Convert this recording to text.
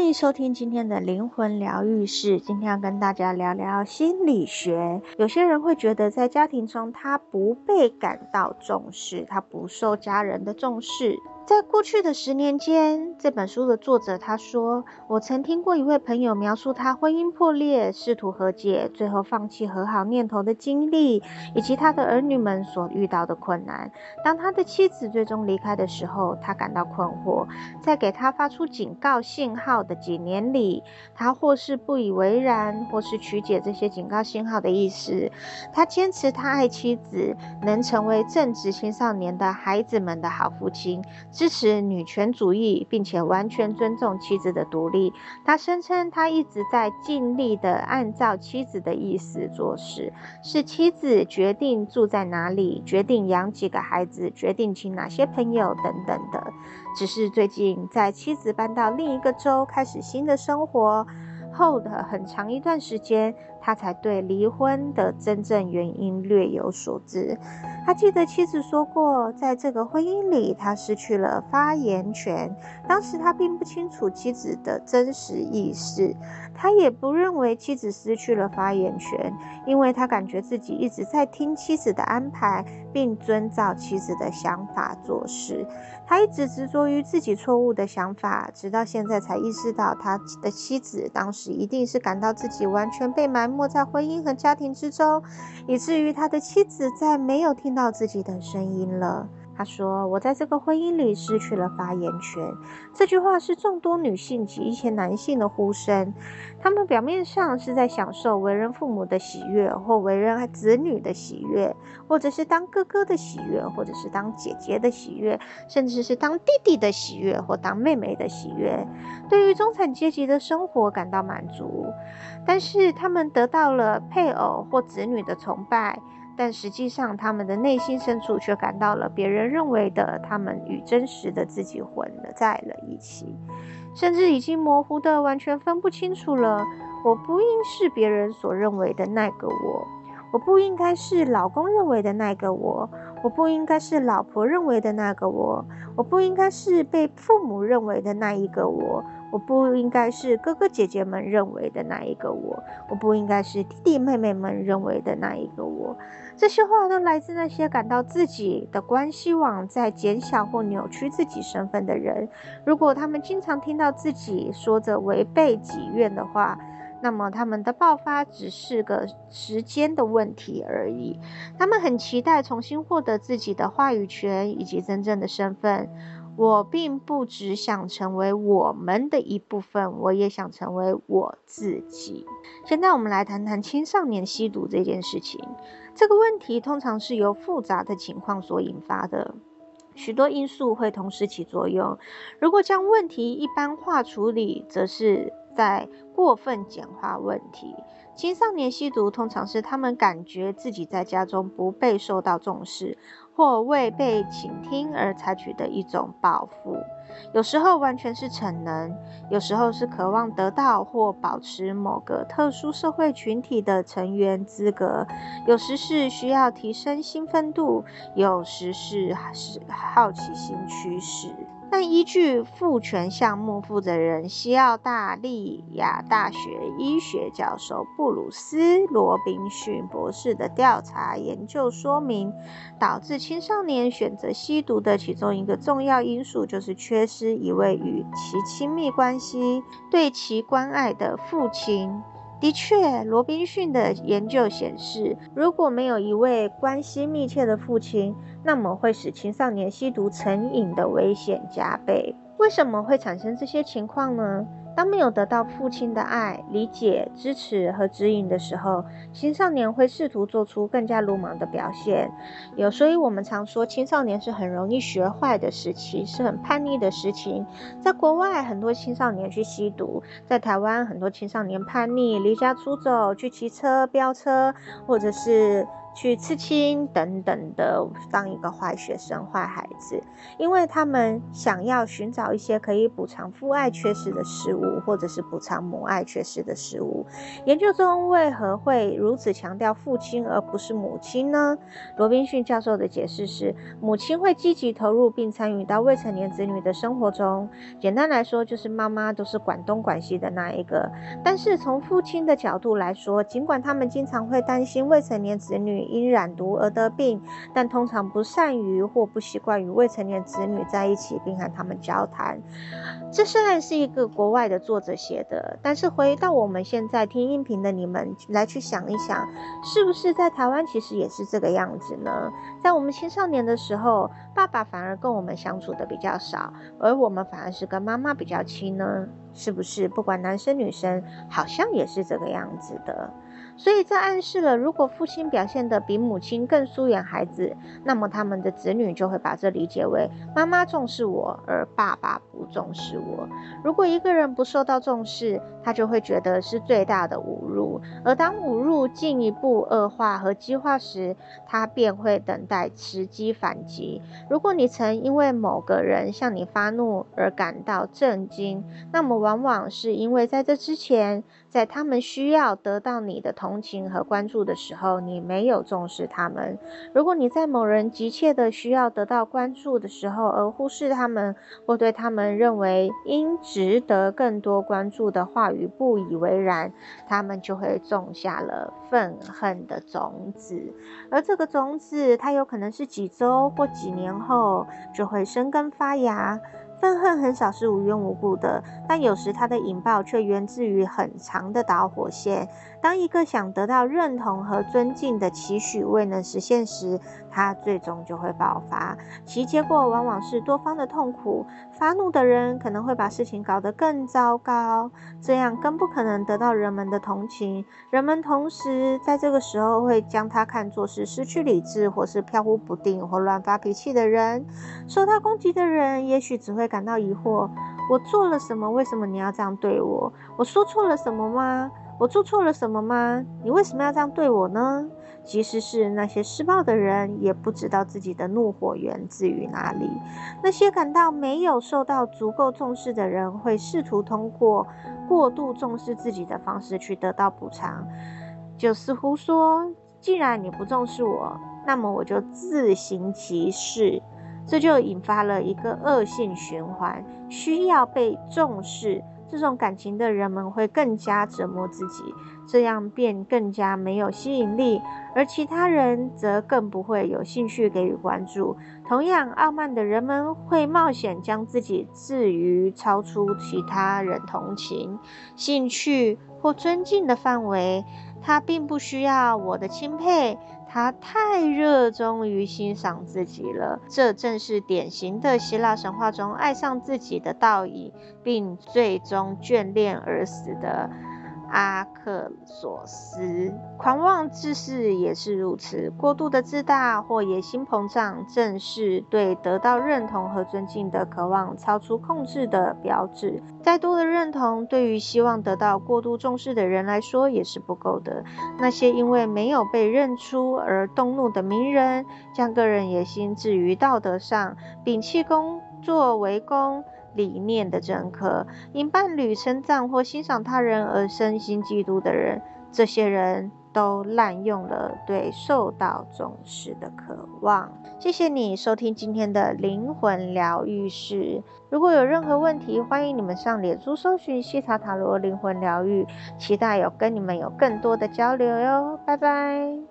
歡迎收聽今天的靈魂療癒室。今天要跟大家聊聊心理學。有些人會覺得，在家庭中，他不被感到重視，他不受家人的重視。在過去的十年間，這本書的作者他說：“我曾聽過一位朋友描述他婚姻破裂、試圖和解，最後放棄和好念頭的經歷，以及他的兒女們所遇到的困難。當他的妻子最終離開的時候，他感到困惑。在給他發出警告信號的幾年裡，他或是不以為然，或是曲解這些警告信號的意思。他堅持他愛妻子，能成為正值青少年的孩子們的好父親。”支持女權主義，並且完全尊重妻子的獨立。他聲稱，他一直在盡力的按照妻子的意思做事，是妻子決定住在哪裡，決定養幾個孩子，決定請哪些朋友等等的。只是最近，在妻子搬到另一個州開始新的生活後的很長一段時間，他才對離婚的真正原因略有所知。他記得妻子說過，在這個婚姻裡，他失去了發言權。當時他並不清楚妻子的真實意思，他也不認為妻子失去了發言權，因為他感覺自己一直在聽妻子的安排，並遵照妻子的想法做事。他一直執着於自己錯誤的想法，直到現在才意識到，他的妻子當時一定是感到自己完全被埋活在婚姻和家庭之中，以至於他的妻子再沒有聽到自己的聲音了。他說：“我在這個婚姻裡失去了發言權。”這句話是眾多女性及一些男性的呼聲。他們表面上是在享受為人父母的喜悅，或為人子女的喜悅，或者是當哥哥的喜悅，或者是當姐姐的喜悅，甚至是當弟弟的喜悅，或當妹妹的喜悅。對於中產階級的生活感到滿足，但是他們得到了配偶或子女的崇拜。但實際上，他們的內心深處卻感到了別人認為的他們與真實的自己混了在了一起，甚至已經模糊的完全分不清楚了。我不應是別人所認為的那個我。我不應該是老公認為的那個我，我不應該是老婆認為的那個我，我不應該是被父母認為的那一個我，我不應該是哥哥姐姐們認為的那一個我，我不應該是弟弟妹妹們認為的那一個我。這些話都來自那些感到自己的關係網在減小或扭曲自己身份的人。如果他們經常聽到自己說着違背己願的話，那麼他們的爆發只是個時間的問題而已。他們很期待重新獲得自己的話語權以及真正的身份。我並不只想成為我們的一部分，我也想成為我自己。現在我們來談談青少年吸毒這件事情。這個問題通常是由複雜的情況所引發的，許多因素會同時起作用。如果將問題一般化處理，則是，在過分簡化問題，青少年吸毒通常是他們感覺自己在家中不被受到重視或未被傾聽而採取的一種報復。有時候完全是逞能，有時候是渴望得到或保持某個特殊社會群體的成員資格，有時是需要提升興奮度，有時是是好奇心驅使。但依據父權項目負責人西澳大利亞大學醫學教授布魯斯·羅賓遜博士的調查研究說明，導致青少年選擇吸毒的其中一個重要因素，就是缺失一位與其親密關係、對其關愛的父親。的確，羅賓遜的研究顯示，如果沒有一位關係密切的父親，那麼會使青少年吸毒成癮的危險加倍。為什麼會產生這些情況呢？當沒有得到父親的愛、理解、支持和指引的時候，青少年會試圖做出更加魯莽的表現。有，所以我們常說青少年是很容易學壞的時期，是很叛逆的時期。在國外，很多青少年去吸毒；在台灣，很多青少年叛逆、離家出走、去騎車、飆車，或者是。去刺青等等的，當一個壞學生、壞孩子，因為他們想要尋找一些可以補償父愛缺失的事物，或者是補償母愛缺失的事物。研究中為何會如此強調父親而不是母親呢？羅賓遜教授的解釋是，母親會積極投入並參與到未成年子女的生活中。簡單來說，就是媽媽都是管東管西的那一個。但是從父親的角度來說，儘管他們經常會擔心未成年子女。因染毒而得病，但通常不善於或不習慣與未成年子女在一起，並和他們交談。這雖然是一個國外的作者寫的，但是回到我們現在聽音頻的你們來去想一想，是不是在台灣其實也是這個樣子呢？在我們青少年的時候，爸爸反而跟我們相處的比較少，而我們反而是跟媽媽比較親呢？是不是，不管男生女生，好像也是這個樣子的。所以這暗示了，如果父親表現得比母親更疏遠孩子，那麼他們的子女就會把這理解為媽媽重視我，而爸爸不重視我。如果一個人不受到重視，他就會覺得是最大的侮辱。而當侮辱進一步惡化和激化時，他便會等待時機反擊。如果你曾因為某個人向你發怒而感到震驚，那麼往往是因為在這之前。在他們需要得到你的同情和關注的時候，你沒有重視他們。如果你在某人急切地需要得到關注的時候，而忽視他們，或對他們認為應值得更多關注的話語不以為然，他們就會種下了憤恨的種子。而這個種子，它有可能是幾周或幾年後就會生根發芽。憤恨很少是無緣無故的，但有時它的引爆卻源自於很長的導火線。當一個想得到認同和尊敬的期許未能實現時，它最終就會爆發，其結果往往是多方的痛苦。發怒的人可能會把事情搞得更糟糕，這樣更不可能得到人們的同情。人們同時在這個時候會將他看作是失去理智，或是飄忽不定，或亂發脾氣的人。受到攻擊的人也許只會。感到疑惑，我做了什麼？為什麼你要這樣對我？我說錯了什麼嗎？我做錯了什麼嗎？你為什麼要這樣對我呢？即使是那些施暴的人，也不知道自己的怒火源自於哪裡。那些感到沒有受到足夠重視的人，會試圖通過過度重視自己的方式去得到補償。就似乎說，既然你不重視我，那麼我就自行其事。這就引發了一個惡性循環，需要被重視，這種感情的人們會更加折磨自己，這樣便更加沒有吸引力，而其他人則更不會有興趣給予關注。同樣，傲慢的人們會冒險將自己置於超出其他人同情、興趣或尊敬的範圍。他並不需要我的欽佩。他太熱衷於欣賞自己了，這正是典型的希臘神話中愛上自己的倒影，並最終眷戀而死的。阿克索斯狂妄自私也是如此，過度的自大或野心膨脹，正是對得到認同和尊敬的渴望超出控制的標誌。再多的認同，對於希望得到過度重視的人來說也是不夠的。那些因為沒有被認出而動怒的名人，將個人野心置於道德上，摒棄工作為公。理念的認可，因伴侶稱讚或欣賞他人而身心嫉妒的人，這些人都濫用了對受到重視的渴望。謝謝你收聽今天的靈魂療癒室，如果有任何問題，歡迎你們上臉書搜尋希塔塔羅靈魂療癒，期待有跟你們有更多的交流喲，拜拜。